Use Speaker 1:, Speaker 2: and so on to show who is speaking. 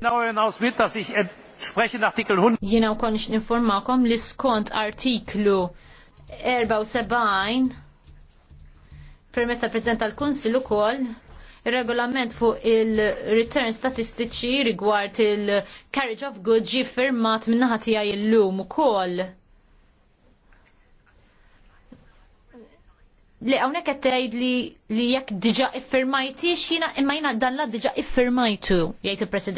Speaker 1: Jiena u nix ninformakom li skont artiklu 74
Speaker 2: permezz tal-President tal-Kunsil ukoll regolament fuq il-return statistiċi rigward il-carriage of goods ġi firmat minnaħa tiegħi illum ukoll. Li hawnhekk qed tgħid li jekk diġà iffirmajti xina imma jiena dan la diġà iffirmajtu jgħid
Speaker 3: il-President.